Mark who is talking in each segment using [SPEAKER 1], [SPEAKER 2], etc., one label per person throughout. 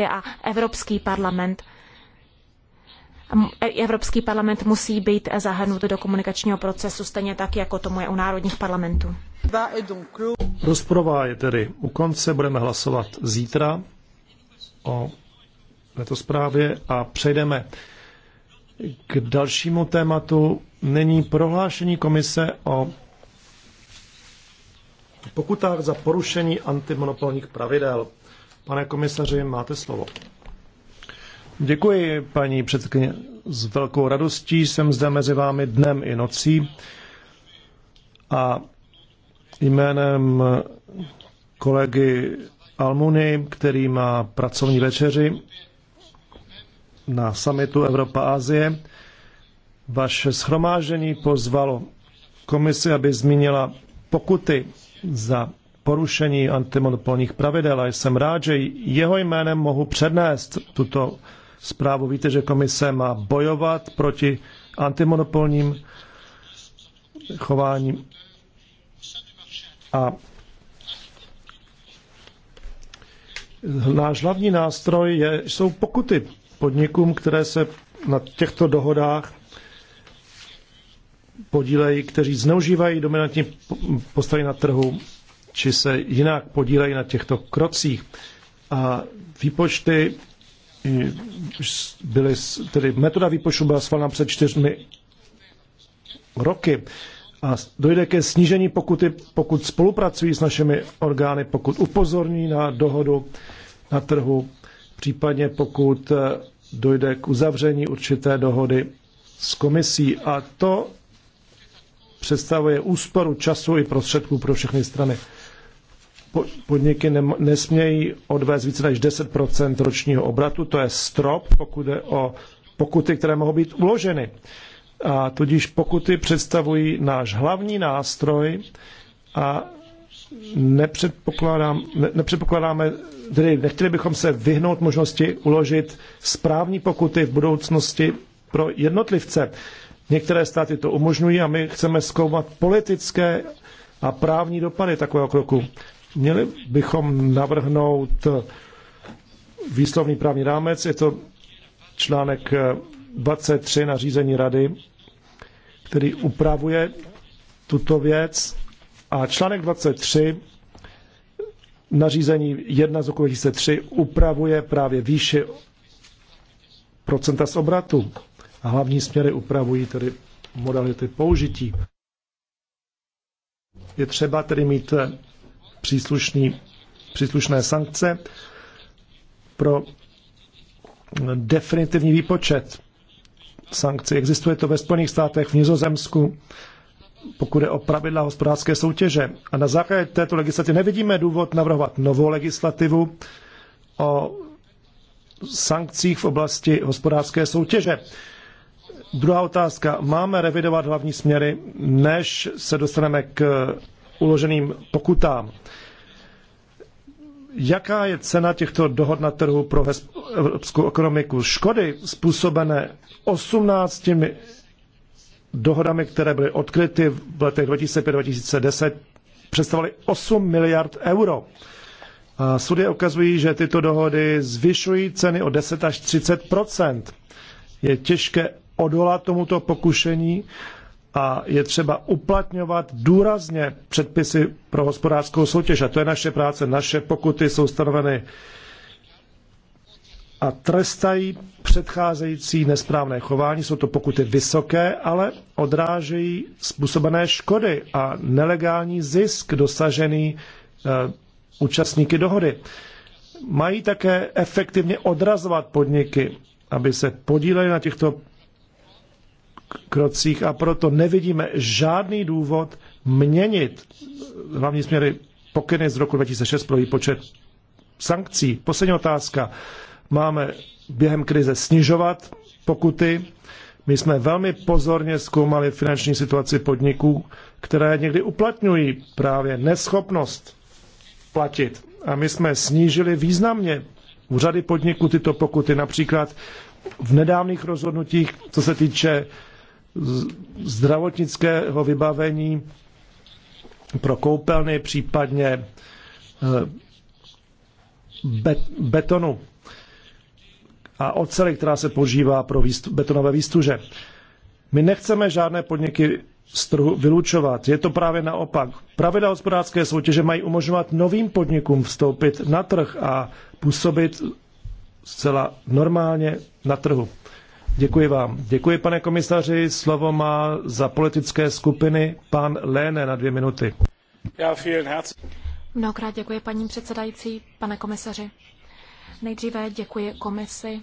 [SPEAKER 1] státy a Evropský parlament. E, Evropský parlament musí být zahrnut do komunikačního procesu, stejně tak, jako tomu je u národních parlamentů.
[SPEAKER 2] Rozprava je tedy u konce, budeme hlasovat zítra o této zprávě a přejdeme k dalšímu tématu. Není prohlášení komise o pokutách za porušení antimonopolních pravidel. Pane komisaři, máte slovo. Děkuji, paní předsedkyně. S velkou radostí jsem zde mezi vámi dnem i nocí a jménem kolegy Almuny, který má pracovní večeři na summitu Evropa-Azie, vaše schromážení pozvalo komisi, aby zmínila pokuty za porušení antimonopolních pravidel a jsem rád, že jeho jménem mohu přednést tuto zprávu. Víte, že komise má bojovat proti antimonopolním chováním a náš hlavní nástroj je, jsou pokuty podnikům, které se na těchto dohodách podílejí, kteří zneužívají dominantní postavy na trhu či se jinak podílejí na těchto krocích. A výpočty byly, tedy metoda výpočtu byla schválena před čtyřmi roky a dojde ke snížení pokuty, pokud spolupracují s našimi orgány, pokud upozorní na dohodu na trhu, případně pokud eh, dojde k uzavření určité dohody s komisí a to představuje úsporu času i prostředků pro všechny strany podniky nesmějí odvést více než 10 ročního obratu, to je strop, pokud je o pokuty, které mohou být uloženy. A tudíž pokuty představují náš hlavní nástroj a nepředpokládám, ne, nepředpokládáme, tedy nechtěli bychom se vyhnout možnosti uložit správní pokuty v budoucnosti pro jednotlivce. Některé státy to umožňují a my chceme zkoumat politické a právní dopady takového kroku. Měli bychom navrhnout výslovný právní rámec, je to článek 23 nařízení rady, který upravuje tuto věc a článek 23 nařízení 1 z roku 2003 upravuje právě výši procenta z obratu a hlavní směry upravují tedy modality použití. Je třeba tedy mít příslušný, příslušné sankce pro definitivní výpočet sankcí. Existuje to ve Spojených státech, v Nizozemsku, pokud je o pravidla hospodářské soutěže. A na základě této legislativy nevidíme důvod navrhovat novou legislativu o sankcích v oblasti hospodářské soutěže. Druhá otázka. Máme revidovat hlavní směry, než se dostaneme k uloženým pokutám. Jaká je cena těchto dohod na trhu pro evropskou ekonomiku? Škody způsobené 18 dohodami, které byly odkryty v letech 2005-2010, představovaly 8 miliard euro. A studie ukazují, že tyto dohody zvyšují ceny o 10 až 30 Je těžké odolat tomuto pokušení a je třeba uplatňovat důrazně předpisy pro hospodářskou soutěž. A to je naše práce. Naše pokuty jsou stanoveny a trestají předcházející nesprávné chování. Jsou to pokuty vysoké, ale odrážejí způsobené škody a nelegální zisk dosažený eh, účastníky dohody. Mají také efektivně odrazovat podniky, aby se podíleli na těchto krocích a proto nevidíme žádný důvod měnit hlavní směry pokyny z roku 2006 pro výpočet sankcí. Poslední otázka. Máme během krize snižovat pokuty. My jsme velmi pozorně zkoumali finanční situaci podniků, které někdy uplatňují právě neschopnost platit. A my jsme snížili významně u řady podniků tyto pokuty, například v nedávných rozhodnutích, co se týče zdravotnického vybavení pro koupelny, případně eh, betonu a oceli, která se používá pro betonové výstuže. My nechceme žádné podniky z trhu vylučovat. Je to právě naopak. Pravidla hospodářské soutěže mají umožňovat novým podnikům vstoupit na trh a působit zcela normálně na trhu. Děkuji vám. Děkuji, pane komisaři. Slovo má za politické skupiny pan Léne na dvě minuty. Já
[SPEAKER 1] Mnohokrát děkuji, paní předsedající, pane komisaři. Nejdříve děkuji komisi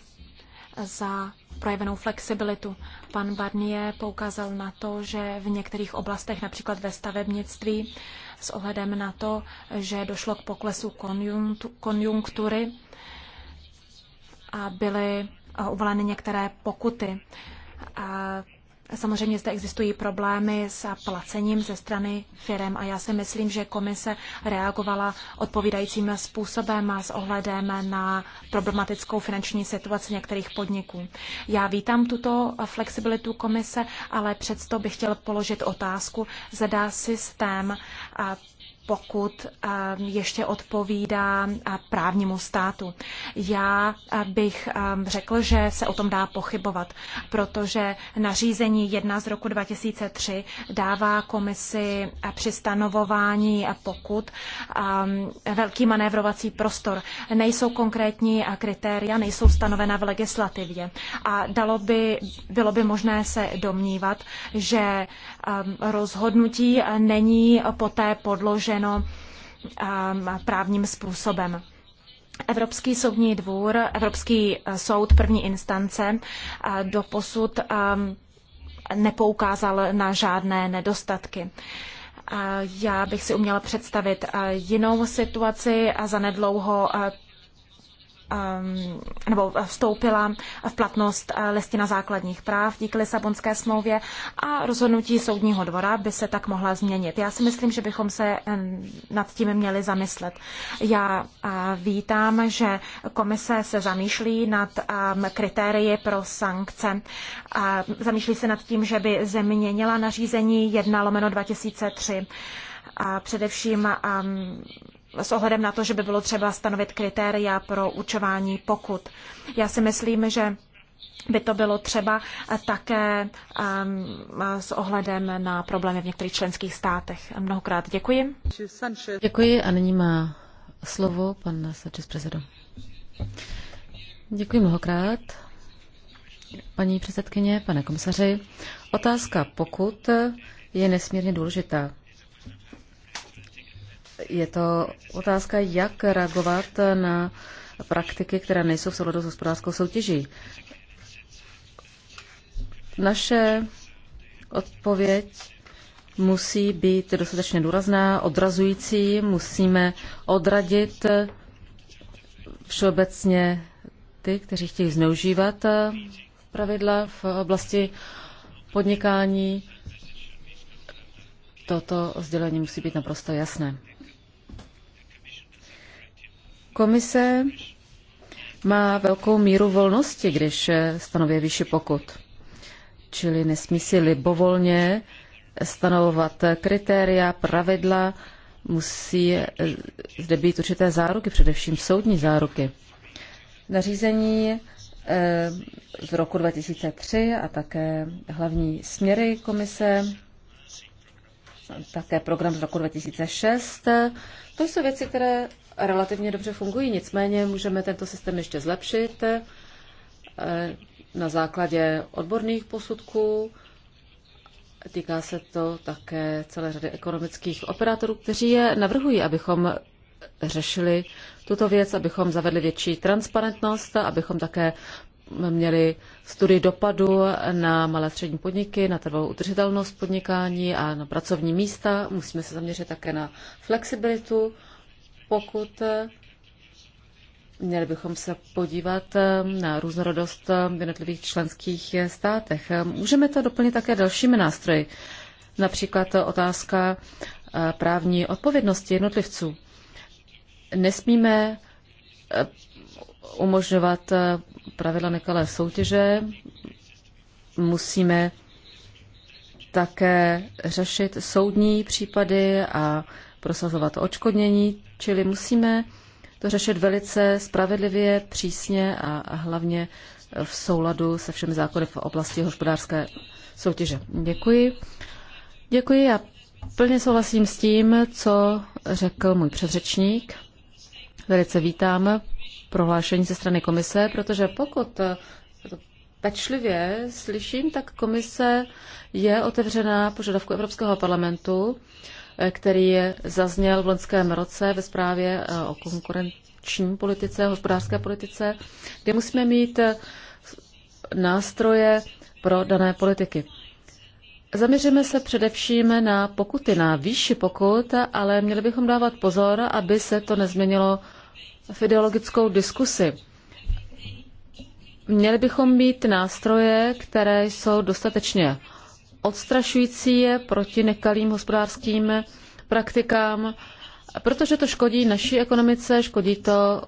[SPEAKER 1] za projevenou flexibilitu. Pan Barnier poukázal na to, že v některých oblastech, například ve stavebnictví, s ohledem na to, že došlo k poklesu konjunktury a byly uvaleny některé pokuty. A samozřejmě zde existují problémy s placením ze strany firm a já si myslím, že komise reagovala odpovídajícím způsobem a s ohledem na problematickou finanční situaci některých podniků. Já vítám tuto flexibilitu komise, ale přesto bych chtěl položit otázku, zda systém pokud ehm, ještě odpovídá právnímu státu. Já bych ehm, řekl, že se o tom dá pochybovat, protože nařízení 1 z roku 2003 dává komisi při stanovování pokud ehm, velký manévrovací prostor. Nejsou konkrétní kritéria, nejsou stanovena v legislativě. A dalo by, bylo by možné se domnívat, že rozhodnutí není poté podložené řešeno um, právním způsobem. Evropský soudní dvůr, Evropský eh, soud první instance eh, doposud eh, nepoukázal na žádné nedostatky. Já bych si uměla představit jinou situaci a zanedlouho Um, nebo vstoupila v platnost eh, listina základních práv díky Lisabonské smlouvě a rozhodnutí soudního dvora by se tak mohla změnit. Já si myslím, že bychom se eh, nad tím měli zamyslet. Já eh, vítám, že komise se zamýšlí nad ehm, kritérii pro sankce. Zamýšlí se nad tím, že by změnila nařízení 1 lomeno 2003 a především ehm, s ohledem na to, že by bylo třeba stanovit kritéria pro určování pokut. Já si myslím, že by to bylo třeba také um, s ohledem na problémy v některých členských státech. Mnohokrát děkuji. Děkuji
[SPEAKER 3] a nyní má slovo pan Sanchez Prezido. Děkuji mnohokrát. Paní předsedkyně, pane komisaři, otázka pokud je nesmírně důležitá je to otázka, jak reagovat na praktiky, které nejsou v souladu s hospodářskou soutěží. Naše odpověď musí být dostatečně důrazná, odrazující, musíme odradit všeobecně ty, kteří chtějí zneužívat pravidla v oblasti podnikání. Toto sdělení musí být naprosto jasné. Komise má velkou míru volnosti, když stanovuje výši pokut. Čili nesmí si libovolně stanovovat kritéria, pravidla, musí zde být určité záruky, především soudní záruky. Nařízení eh, z roku 2003 a také hlavní směry komise, také program z roku 2006. To jsou věci, které relativně dobře fungují. Nicméně můžeme tento systém ještě zlepšit eh, na základě odborných posudků. Týká se to také celé řady ekonomických operátorů, kteří je navrhují, abychom řešili tuto věc, abychom zavedli větší transparentnost, abychom také měli studii dopadu na malé střední podniky, na trvalou udržitelnost podnikání a na pracovní místa. Musíme se zaměřit také na flexibilitu pokud eh, Měli bychom se podívat eh, na různorodost eh, v jednotlivých členských státech. Můžeme to doplnit také dalšími nástroji, například otázka právní odpovědnosti jednotlivců. Nesmíme umožňovat pravidla nekalé soutěže, musíme také řešit soudní případy a prosazovat očkodnění, čili musíme to řešit velice spravedlivě, přísně a, a hlavně v souladu se všemi zákony v oblasti hospodářské soutěže. Děkuji. Děkuji a plně souhlasím s tím, co řekl můj předřečník. Velice vítám prohlášení ze strany komise, protože pokud to pečlivě slyším, tak komise je otevřená požadavku Evropského parlamentu který zazněl v loňském roce ve zprávě eh, o konkurenční politice, hospodářské politice, kde musíme mít eh, nástroje pro dané politiky. Zaměříme se především na pokuty, na výši pokut, ale měli bychom dávat pozor, aby se to nezměnilo v ideologickou diskusi. Měli bychom mít nástroje, které jsou dostatečně odstrašující je proti nekalým hospodářským praktikám, protože to škodí naší ekonomice, škodí to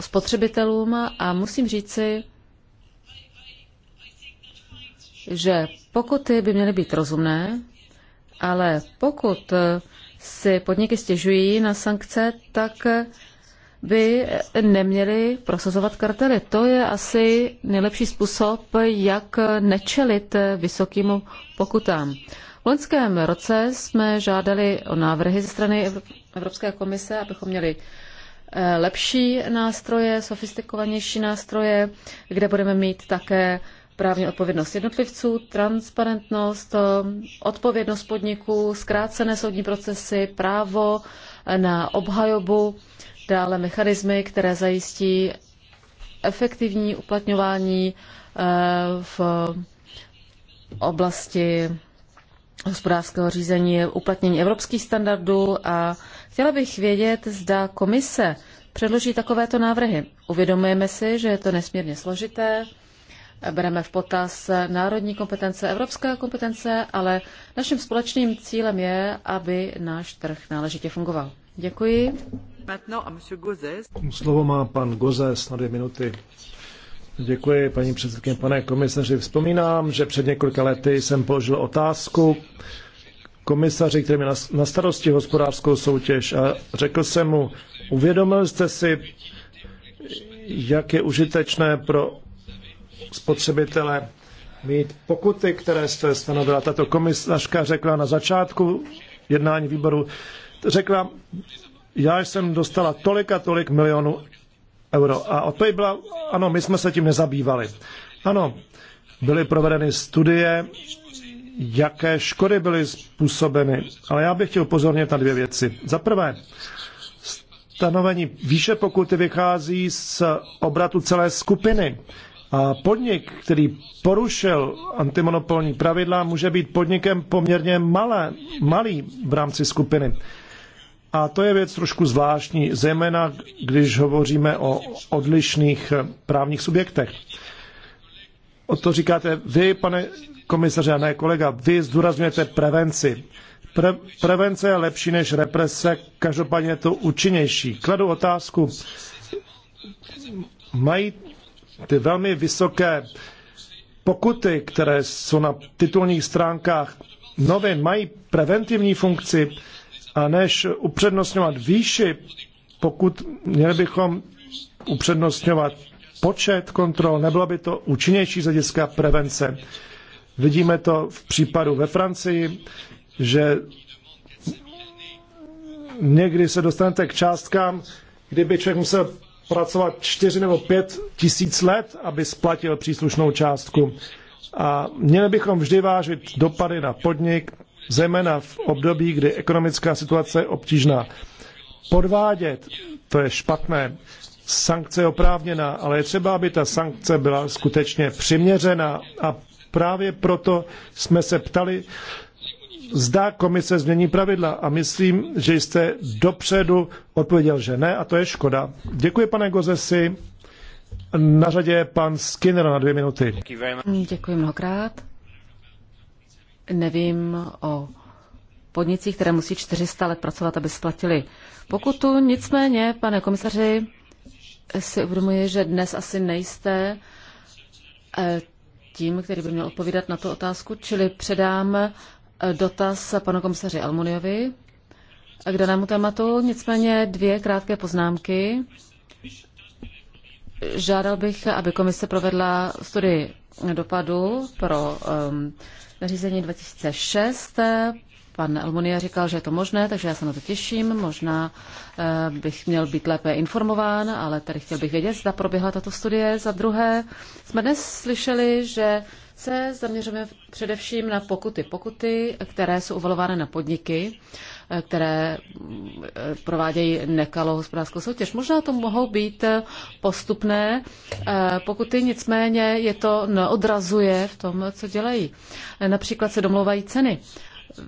[SPEAKER 3] spotřebitelům a musím říci, že pokuty by měly být rozumné, ale pokud si podniky stěžují na sankce, tak by neměli prosazovat kartely. To je asi nejlepší způsob, jak nečelit vysokým pokutám. V loňském roce jsme žádali o návrhy ze strany Evropské komise, abychom měli eh, lepší nástroje, sofistikovanější nástroje, kde budeme mít také právní odpovědnost jednotlivců, transparentnost, eh, odpovědnost podniků, zkrácené soudní procesy, právo eh, na obhajobu dále mechanismy, které zajistí efektivní uplatňování eh, v oblasti hospodářského řízení, uplatnění evropských standardů a chtěla bych vědět, zda komise předloží takovéto návrhy. Uvědomujeme si, že je to nesmírně složité, bereme v potaz národní kompetence, evropské kompetence, ale naším společným cílem je, aby náš trh náležitě fungoval. Děkuji.
[SPEAKER 2] Slovo má pan Gozes na dvě minuty. Děkuji, paní předsedkyně, pane komisaři. Vzpomínám, že před několika lety jsem položil otázku komisaři, který měl na starosti hospodářskou soutěž a řekl jsem mu, uvědomil jste si, jak je užitečné pro spotřebitele mít pokuty, které jste stanovila. Tato komisařka řekla na začátku jednání výboru, řekla, já jsem dostala tolik a tolik milionů euro. A odpověď byla, ano, my jsme se tím nezabývali. Ano, byly provedeny studie, jaké škody byly způsobeny. Ale já bych chtěl upozornit na dvě věci. Za prvé, stanovení výše pokuty vychází z obratu celé skupiny. A podnik, který porušil antimonopolní pravidla, může být podnikem poměrně malé, malý v rámci skupiny. A to je věc trošku zvláštní, zejména když hovoříme o odlišných právních subjektech. O to říkáte vy, pane komisaře, a ne kolega, vy zdůrazňujete prevenci. Pre, prevence je lepší než represe, každopádně je to účinnější. Kladu otázku, mají ty velmi vysoké pokuty, které jsou na titulních stránkách novin, mají preventivní funkci, a než upřednostňovat výši, pokud měli bychom upřednostňovat počet kontrol, nebylo by to účinnější z hlediska prevence. Vidíme to v případu ve Francii, že někdy se dostanete k částkám, kdyby člověk musel pracovat 4 nebo 5 tisíc let, aby splatil příslušnou částku. A měli bychom vždy vážit dopady na podnik, zejména v období, kdy ekonomická situace je obtížná. Podvádět, to je špatné. Sankce je oprávněná, ale je třeba, aby ta sankce byla skutečně přiměřená a právě proto jsme se ptali, zda komise změní pravidla a myslím, že jste dopředu odpověděl, že ne a to je škoda. Děkuji, pane Gozesi. Na řadě je pan Skinner na dvě minuty.
[SPEAKER 3] Děkuji mnohokrát nevím o podnicích, které musí 400 let pracovat, aby splatili pokutu. Nicméně, pane komisaři, si uvědomuji, že dnes asi nejste eh, tím, který by měl odpovídat na tu otázku, čili předám eh, dotaz panu komisaři Almuniovi k danému tématu. Nicméně dvě krátké poznámky. Žádal bych, aby komise provedla studii dopadu pro um, nařízení 2006. Pan Almonia říkal, že je to možné, takže já se na to těším. Možná eh, bych měl být lépe informován, ale tady chtěl bych vědět, zda proběhla tato studie. Za druhé, jsme dnes slyšeli, že se zaměřujeme především na pokuty. Pokuty, které jsou uvalovány na podniky, eh, které eh, provádějí nekalou hospodářskou soutěž. Možná to mohou být eh, postupné pokuty, nicméně je to neodrazuje v tom, co dělají. Například se domlouvají ceny.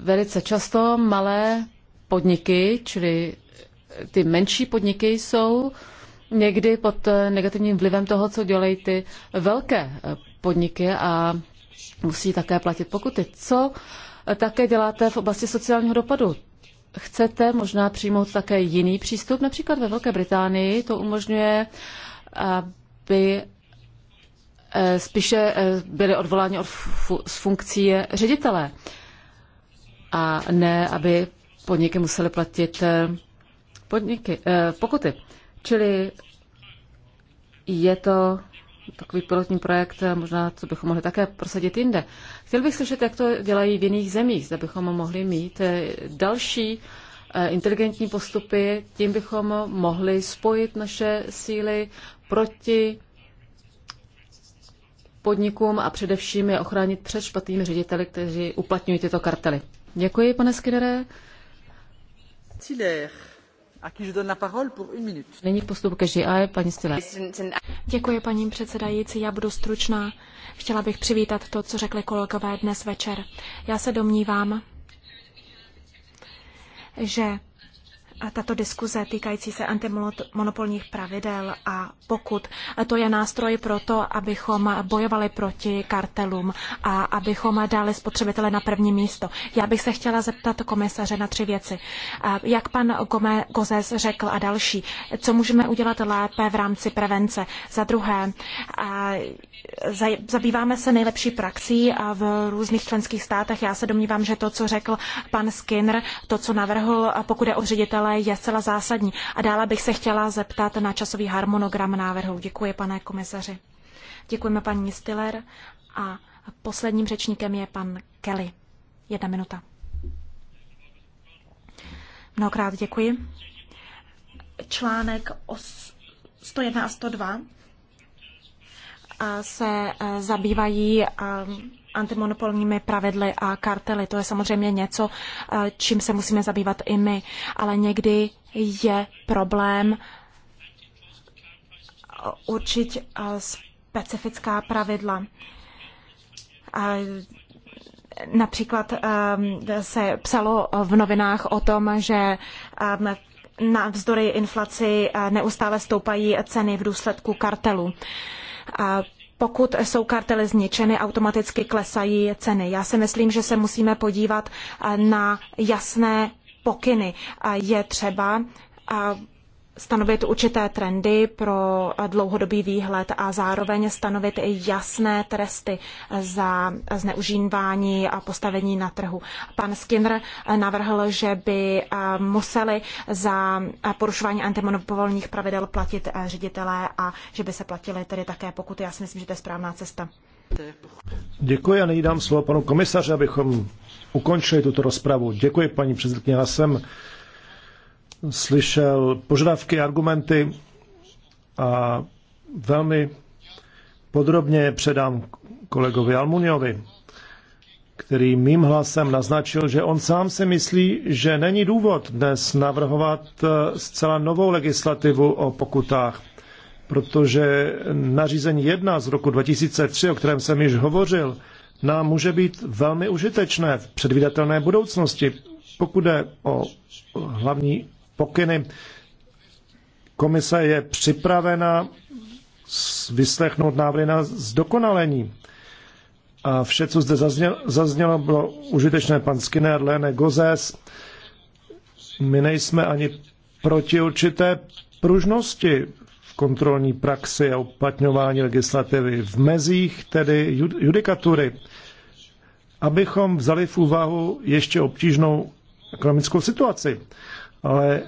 [SPEAKER 3] Velice často malé podniky, čili ty menší podniky jsou někdy pod negativním vlivem toho, co dělají ty velké podniky a musí také platit pokuty. Co eh, také děláte v oblasti sociálního dopadu? Chcete možná přijmout také jiný přístup? Například ve Velké Británii to umožňuje, aby eh, spíše eh, byli odvoláni od z funkcí ředitele a ne, aby podniky musely platit podniky, pokuty. Čili je to takový pilotní projekt, možná co bychom mohli také prosadit jinde. Chtěl bych slyšet, jak to dělají v jiných zemích, zda bychom mohli mít eh, další eh, inteligentní postupy, tím bychom mohli spojit naše síly proti podnikům a především je ochránit před špatnými řediteli, kteří uplatňují tyto kartely. Děkuji, pane Skinnere. Cíler
[SPEAKER 1] paní paní předsedající, já budu stručná. Chtěla bych přivítat to, co řekli kolegové dnes večer. Já se domnívám, že tato diskuze týkající se antimonopolních pravidel a pokud. To je nástroj pro to, abychom bojovali proti kartelům a abychom dali spotřebitele na první místo. Já bych se chtěla zeptat komisaře na tři věci. Jak pan Gozes řekl a další, co můžeme udělat lépe v rámci prevence? Za druhé, zabýváme se nejlepší praxí v různých členských státech. Já se domnívám, že to, co řekl pan Skinner, to, co navrhl, pokud je o ředitele ale je zcela zásadní. A dále bych se chtěla zeptat na časový harmonogram návrhu. Děkuji, pane komisaři. Děkujeme paní Stiller a posledním řečníkem je pan Kelly. Jedna minuta. Mnohokrát děkuji. Článek 101 a 102 se e, zabývají e, antimonopolními pravidly a kartely. To je samozřejmě něco, eh, čím se musíme zabývat i my, ale někdy je problém eh, určit eh, specifická pravidla. Například se psalo v novinách o tom, že na vzdory inflaci neustále stoupají ceny v důsledku kartelu pokud jsou kartely zničeny, automaticky klesají ceny. Já si myslím, že se musíme podívat eh, na jasné pokyny. Eh, je třeba eh, stanovit určité trendy pro dlouhodobý výhled a zároveň stanovit i jasné tresty za zneužívání a postavení na trhu. Pan Skinner navrhl, že by eh, museli za porušování antimonopolních pravidel platit eh, ředitelé a že by se platili tedy také pokuty. Já si myslím, že to je správná cesta.
[SPEAKER 2] Děkuji a nyní dám slovo panu komisaři, abychom ukončili tuto rozpravu. Děkuji paní předsedkyně. Já jsem slyšel požadavky, argumenty a velmi podrobně předám kolegovi Almuniovi, který mým hlasem naznačil, že on sám si myslí, že není důvod dnes navrhovat eh, zcela novou legislativu o pokutách, protože nařízení 1 z roku 2003, o kterém jsem již hovořil, nám může být velmi užitečné v předvídatelné budoucnosti, pokud je o hlavní pokyny. Komise je připravena vyslechnout návrhy na zdokonalení. A vše, co zde zaznělo, zaznělo bylo užitečné. Pan Skinner, Lene Gozes, my nejsme ani proti určité pružnosti v kontrolní praxi a uplatňování legislativy v mezích, tedy judikatury, abychom vzali v úvahu ještě obtížnou ekonomickou situaci ale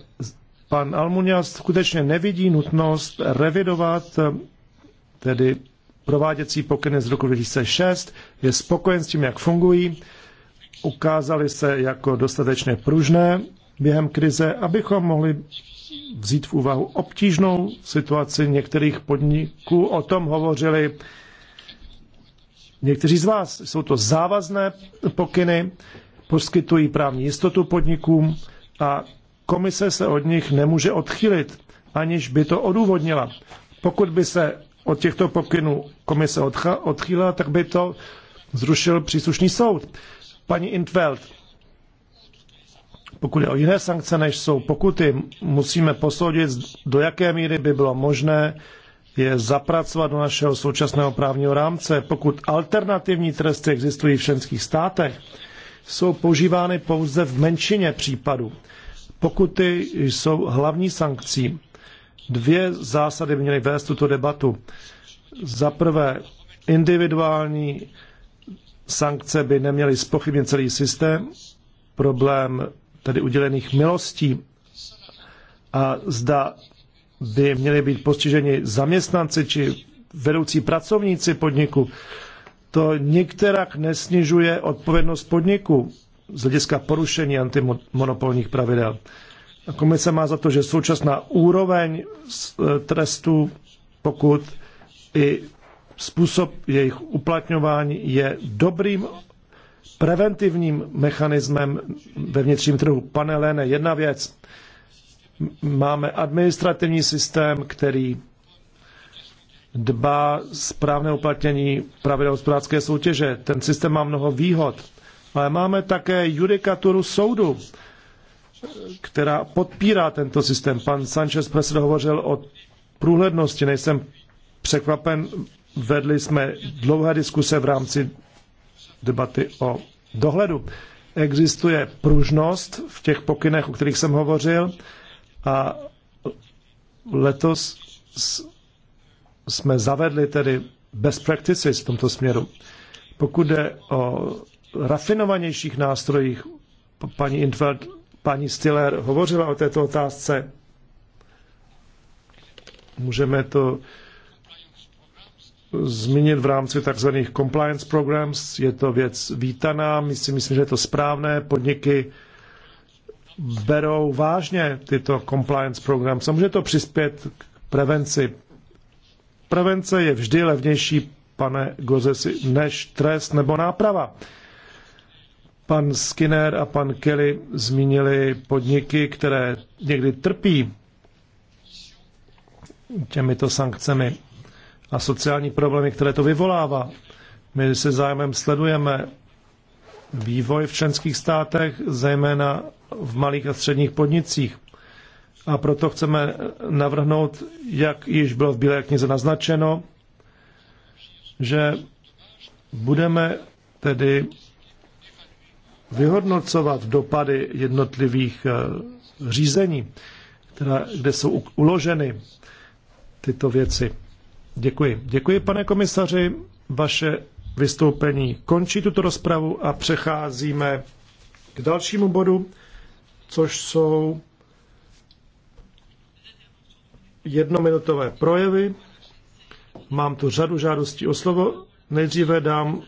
[SPEAKER 2] pan Almunia skutečně nevidí nutnost revidovat tedy prováděcí pokyny z roku 2006, je spokojen s tím, jak fungují, Ukázali se jako dostatečně pružné během krize, abychom mohli vzít v úvahu obtížnou situaci některých podniků. O tom hovořili někteří z vás. Jsou to závazné pokyny, poskytují právní jistotu podnikům a Komise se od nich nemůže odchylit, aniž by to odůvodnila. Pokud by se od těchto pokynů komise odchýlila, tak by to zrušil příslušný soud. Paní Intveld, pokud je o jiné sankce, než jsou pokuty, musíme posoudit, do jaké míry by bylo možné je zapracovat do našeho současného právního rámce. Pokud alternativní tresty existují v členských státech, jsou používány pouze v menšině případů. Pokuty jsou hlavní sankcí. Dvě zásady měly vést tuto debatu. Za prvé, individuální sankce by neměly spochybnit celý systém, problém tedy udělených milostí a zda by měly být postiženi zaměstnanci či vedoucí pracovníci podniku, to nikterak nesnižuje odpovědnost podniku z hlediska porušení antimonopolních pravidel. A komise má za to, že současná úroveň e, trestů, pokud i způsob jejich uplatňování je dobrým preventivním mechanismem ve vnitřním trhu. Pane Lene, jedna věc. Máme administrativní systém, který dbá správné uplatnění pravidel hospodářské soutěže. Ten systém má mnoho výhod ale máme také judikaturu soudu, která podpírá tento systém. Pan Sanchez Presedo hovořil o průhlednosti, nejsem překvapen, vedli jsme dlouhé diskuse v rámci debaty o dohledu. Existuje pružnost v těch pokynech, o kterých jsem hovořil a letos jsme zavedli tedy best practices v tomto směru. Pokud jde o rafinovanějších nástrojích. Paní Infeld, paní Stiller hovořila o této otázce. Můžeme to zmínit v rámci tzv. compliance programs. Je to věc vítaná, my si myslím, že je to správné. Podniky berou vážně tyto compliance programs a může to přispět k prevenci. Prevence je vždy levnější, pane Gozesi, než trest nebo náprava. Pan Skinner a pan Kelly zmínili podniky, které někdy trpí těmito sankcemi a sociální problémy, které to vyvolává. My se zájmem sledujeme vývoj v členských státech, zejména v malých a středních podnicích. A proto chceme navrhnout, jak již bylo v Bílé knize naznačeno, že budeme tedy vyhodnocovat dopady jednotlivých eh, řízení, která, kde jsou uloženy tyto věci. Děkuji. Děkuji, pane komisaři. Vaše vystoupení končí tuto rozpravu a přecházíme k dalšímu bodu, což jsou jednominutové projevy. Mám tu řadu žádostí o slovo. Nejdříve dám